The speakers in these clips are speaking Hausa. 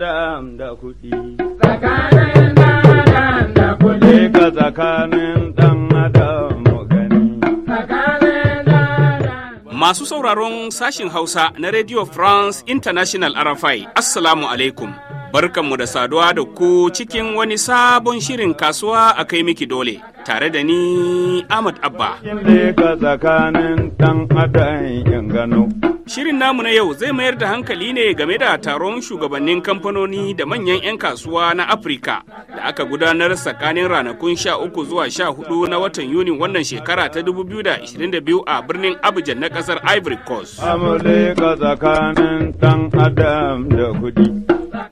dam da kuɗi. Tsakanin dan da kuɗi. Ka tsakanin dan adam gani. Masu sauraron sashin Hausa na Radio France International RFI, Assalamu alaikum. Barkanmu da saduwa da ku cikin wani sabon shirin kasuwa a kai miki dole tare da ni Ahmad Abba. Shirin namu na yau zai mayar da hankali ne game da taron shugabannin kamfanoni da manyan 'yan kasuwa na Afirka da aka gudanar tsakanin ranakun 13 zuwa 14 na watan Yuni wannan shekara ta 2022 a birnin abuja na kasar Ivory Coast.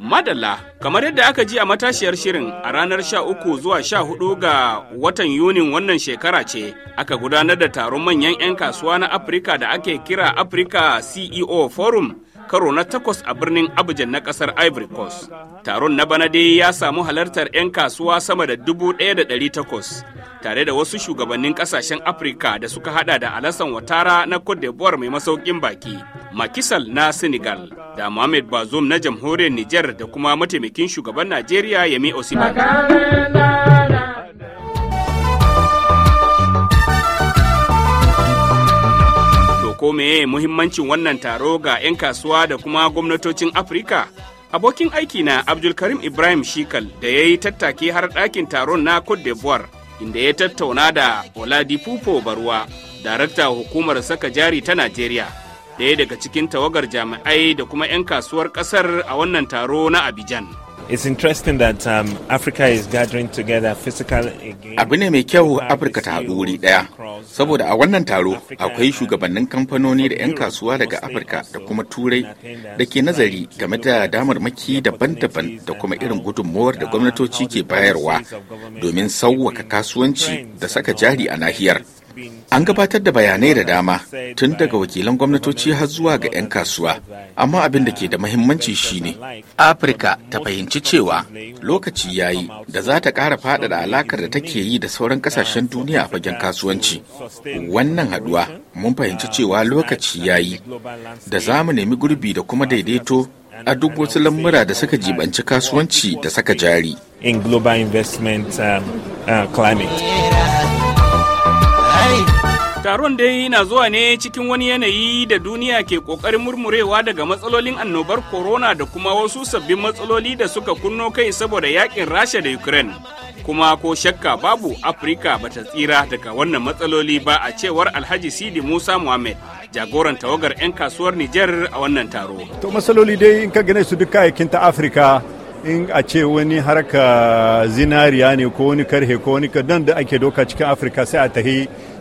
Madalla, kamar yadda aka ji a matashiyar shirin a ranar 13 zuwa 14 ga watan Yunin wannan shekara ce, aka gudanar da taron manyan 'yan kasuwa na Afirka da ake kira Africa CEO Forum karo na takwas a birnin Abidjan na kasar Ivory Coast. Taron na bana dai ya samu halartar 'yan kasuwa sama da dubu ɗaya da ɗari takwas, tare da wasu shugabannin kasashen Afirka da suka hada da Alassane watara na Cote d'Ivoire mai masaukin baki, Makisal na Senegal, da Mohamed Bazoum na jamhuriyar Nijar da kuma mataimakin shugaban Najeriya Yemi osimhen Ko meye muhimmancin wannan taro ga 'yan kasuwa da kuma gwamnatocin Afirka? Abokin aiki na Abdulkarim Ibrahim Shikal da ya yi tattaki har ɗakin taron na Cote d'Ivoire inda ya tattauna da Oladipupo Barwa, darakta hukumar saka jari ta Najeriya, ɗaya daga cikin tawagar jami'ai da kuma 'yan kasuwar ƙasar a wannan taro na Abidjan. Um, Abu ne mai kyau Afirka ta haɗu wuri ɗaya, saboda a wannan um, taro akwai shugabannin kamfanoni da 'yan kasuwa daga Afirka da kuma Turai da ke nazari game da damarmaki daban-daban da kuma irin gudunmowar da um, gwamnatoci ke bayarwa domin sauwaka kasuwanci da saka jari a nahiyar. An gabatar da bayanai da dama tun daga wakilan gwamnatoci har zuwa ga 'yan kasuwa, amma abin da ke da mahimmanci shine Afirka ta fahimci cewa lokaci ya yi da za ta ƙara faɗaɗa alakar da take yi da sauran ƙasashen duniya a fagen kasuwanci. Wannan haɗuwa mun fahimci cewa lokaci ya yi da za mu nemi gurbi da kuma daidaito a duk wasu lamura da suka jibanci kasuwanci da saka jari. In global investment um, uh, climate. Taron dai na zuwa ne cikin wani yanayi da duniya ke kokarin murmurewa daga matsalolin annobar corona da kuma wasu sabbin matsaloli da suka kunno kai saboda yakin Rasha da Ukraine. Kuma ko shakka babu Afirka ba ta tsira daga wannan matsaloli ba a cewar Alhaji Sidi Musa Muhammad, jagoran tawagar 'yan kasuwar Nijar a wannan taro. To matsaloli dai in ka gane su duka yakin ta Afirka in a ce wani harka zinariya ne ko wani karhe ko wani kadan da ake doka cikin afirka sai a tahi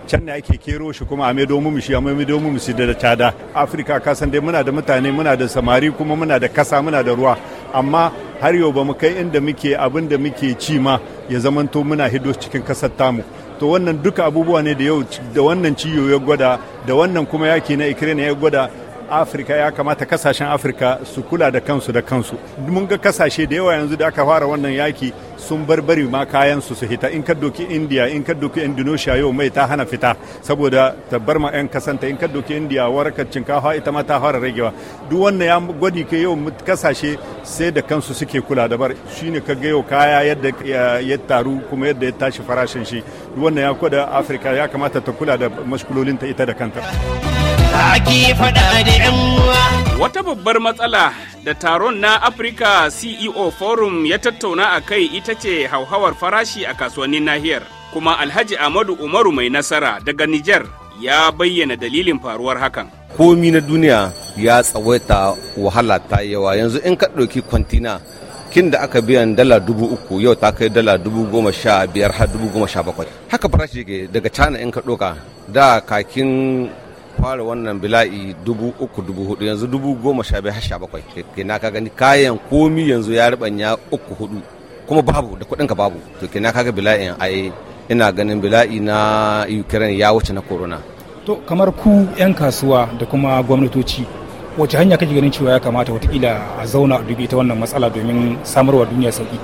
can ne ake kero shi kuma a mai domin shi a mai mu shi da tada afirka kasan dai muna da mutane muna da samari kuma muna da kasa muna da ruwa amma har yau ba mu kai inda muke abin da muke ci ma ya zamanto muna hido cikin kasar tamu to wannan duka abubuwa ne da yau da wannan ciyo ya gwada da wannan kuma yaki na ikirin ya gwada afirka ya kamata kasashen afirka su kula da kansu da kansu mun ga kasashe da yawa yanzu da aka fara wannan yaki sun barbari ma kayan su su hita in ka doki india in ka doki indonesia yau mai ta hana fita saboda tabbar ma yan kasanta in ka doki india warakar cinkafa ita ma ta fara ragewa duk wannan ya gwadi ke yau kasashe sai da kansu suke kula da bar shine ka ga yau kaya yadda ya taru kuma yadda ya tashi farashin shi duk wannan ya kwada afirka ya kamata ta kula da mashkulolinta ita da kanta. ake faɗa da 'yan uwa. Wata babbar matsala da taron na Africa CEO Forum ya tattauna a kai ita ce hauhawar farashi a kasuwannin nahiyar. Kuma Alhaji Ahmadu Umaru mai nasara daga Nijar ya bayyana dalilin faruwar hakan. Komi na duniya ya tsawaita wahala ta yawa yanzu in ka ɗauki kwantina kin da aka biyan dala dubu uku yau ta kai dala dubu goma sha biyar har dubu goma sha bakwai haka farashi daga cana in ka ɗoka da kakin fara wannan bila'i dubu uku dubu hudu yanzu dubu goma sha biyar sha bakwai na ka gani kayan komi yanzu ya ribanya uku hudu kuma babu da kuɗin ka babu to kenan kaga bila'in ai ina ganin bila'i na ukraine ya wuce na corona to kamar ku 'yan kasuwa da kuma gwamnatoci wace hanya kake ganin cewa ya kamata watakila a zauna a dubi ta wannan matsala domin samarwa duniya sauki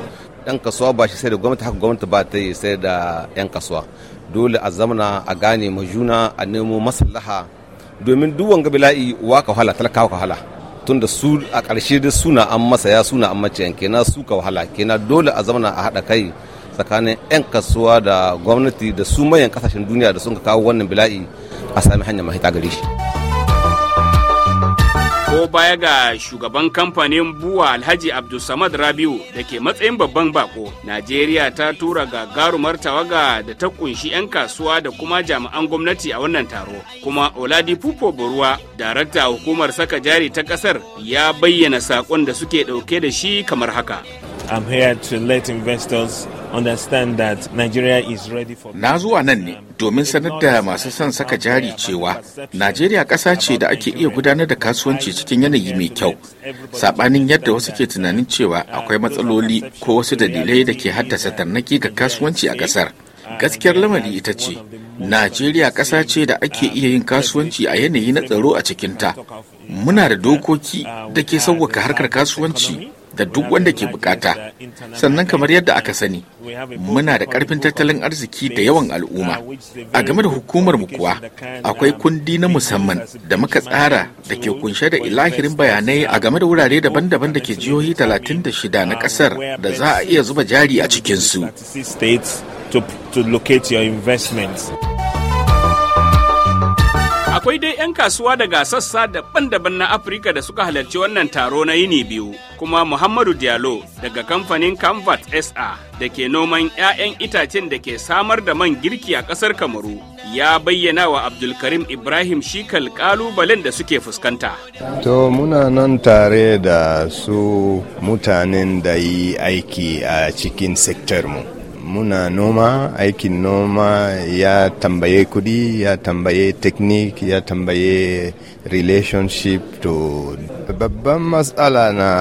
dan kasuwa ba shi sai da gwamnati haka gwamnati ba ta yi sai da 'yan kasuwa dole a zamana a gane ma juna a nemo maslaha domin duk wanga bila'i wa ka wahala talakawa ka wahala tunda su a ƙarshe da suna an masaya suna an yanke na su ka wahala kenan dole a zamana a haɗa kai tsakanin 'yan kasuwa da gwamnati da su manyan kasashen duniya da sun kawo wannan bila'i a sami hanyar mahita gare shi. ko baya ga shugaban kamfanin buwa alhaji abdulsamad rabiu da ke matsayin babban bako najeriya ta tura gagarumar tawaga da ta kunshi 'yan kasuwa da kuma jami'an gwamnati a wannan taro kuma pupo boruwa darakta hukumar saka jari ta kasar ya bayyana sakon da suke ɗauke da shi kamar haka I'm here to let investors Na zuwa nan ne domin sanar da masu son saka jari cewa Najeriya ƙasa ce da ake iya gudanar da kasuwanci cikin yanayi mai kyau, saɓanin yadda wasu ke tunanin cewa akwai matsaloli ko wasu dalilai da ke haddasa tarnaki ga kasuwanci a ƙasar. Gaskiyar lamari ita ce, Najeriya ƙasa ce da ake iya yin kasuwanci a yanayi na tsaro a cikinta. Muna da dokoki da ke sauwaka harkar kasuwanci. da duk wanda ke bukata sannan kamar yadda aka sani muna da karfin tattalin arziki da yawan al'umma a game da hukumar mu kuwa akwai kundi na musamman da muka tsara da ke kunshe da ilahirin bayanai a game da wurare daban-daban da ke jihohi 36 na kasar da za a iya zuba jari a cikinsu to, locate your investments. Akwai dai 'yan kasuwa daga sassa daban-daban na Afirka da suka halarci wannan taro na yini biyu, kuma Muhammadu Diallo daga kamfanin Canvat SA da ke noman 'ya'yan itacen da ke samar da man girki a ƙasar Kamaru ya bayyana wa Abdulkarim Ibrahim Shikal ƙalubalen da suke fuskanta. To muna nan tare da su mutanen da yi aiki a cikin sektarmu muna noma aikin noma ya tambaye kudi ya tambaye teknik ya tambaye relationship to babban matsala na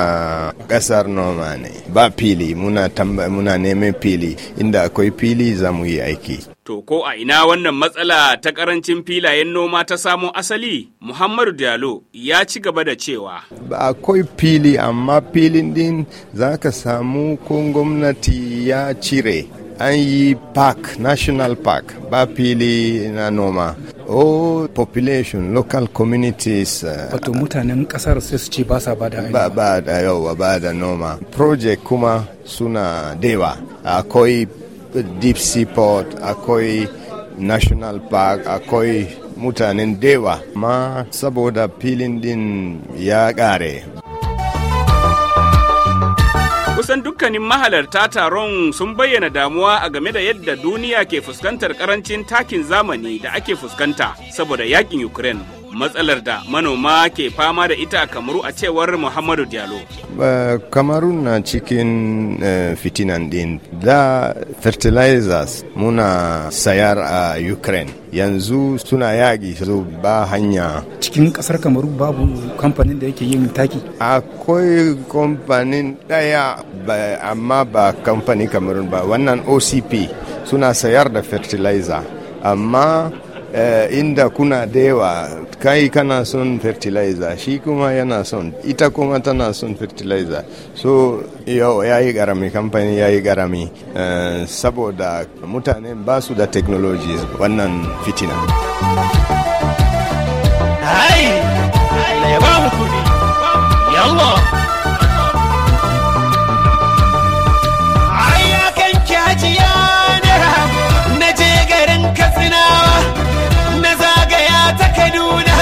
kasar noma ne ba fili muna, muna neman fili inda akwai fili za mu yi aiki To ko a ina wannan matsala ta karancin filayen noma ta samo asali? Muhammadu Diallo ya ci gaba da cewa. Ba akwai fili amma filin din za ka samu ko gwamnati ya cire an yi park national park ba fili na noma all oh, population local communities uh, wato mutanen kasar sai su ce ba sa ba da ba da yawa ba da noma project kuma suna dewa akwai deep sea port akwai national park akwai mutanen dewa ma saboda filin din ya kare kusan dukkanin mahalarta taron sun bayyana damuwa a game da yadda duniya ke fuskantar karancin takin zamani da ake fuskanta saboda yakin Ukraine. matsalar da manoma ke fama da ita a kamaru a cewar muhammadu diallo kamaru na cikin eh, fitinan din da fertilizers muna sayar a ukraine yanzu suna yaƙi su ba hanya cikin ƙasar kamaru babu kamfanin da yake yin taki akwai kamfanin ɗaya amma ba kamfanin kamarun ba wannan ocp suna sayar da fertilizer amma Uh, inda kuna da yawa kai kana son fertilizer shi kuma yana son ita kuma tana son fertilizer so ya yi garami kamfani ya yi garami uh, saboda mutane ba su da technologies wannan fitina Hey! Hey! Hey! Hey! Hey! Hey! Kaduna.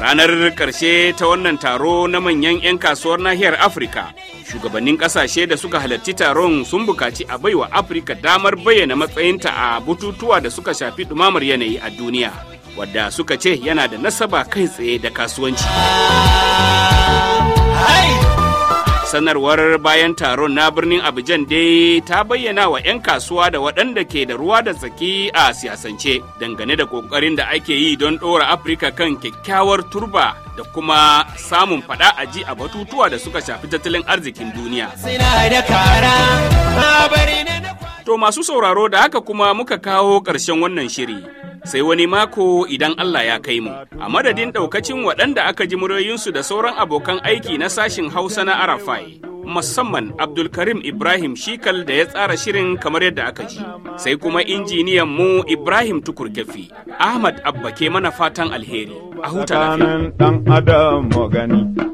Ranar ƙarshe ta wannan taro na manyan 'yan kasuwar nahiyar Afirka, shugabannin ƙasashe da suka halarci taron sun bukaci a baiwa Afirka damar bayyana matsayinta a bututuwa da suka shafi ɗumamar yanayi a duniya, wadda suka ce yana da nasaba kai tsaye da kasuwanci. sanarwar bayan taron na birnin abidjan dai ta bayyana wa 'yan kasuwa da waɗanda ke da ruwa da tsaki a siyasance dangane da ƙoƙarin da ake yi don ɗora afirka kan kyakkyawar turba da kuma samun faɗa a ji a batutuwa da suka shafi tattalin arzikin duniya To masu sauraro da haka kuma muka kawo ƙarshen wannan shiri. Sai wani mako idan Allah ya kai mu, a madadin ɗaukacin waɗanda aka ji muryoyinsu da sauran abokan aiki na sashin Hausa na Arafai, musamman Abdulkarim Ibrahim Shikal da ya tsara shirin kamar yadda aka ji, sai kuma injiniyan mu Ibrahim Tukurkefi, Ahmad Abba ke mana fatan alheri, a huta lafiya.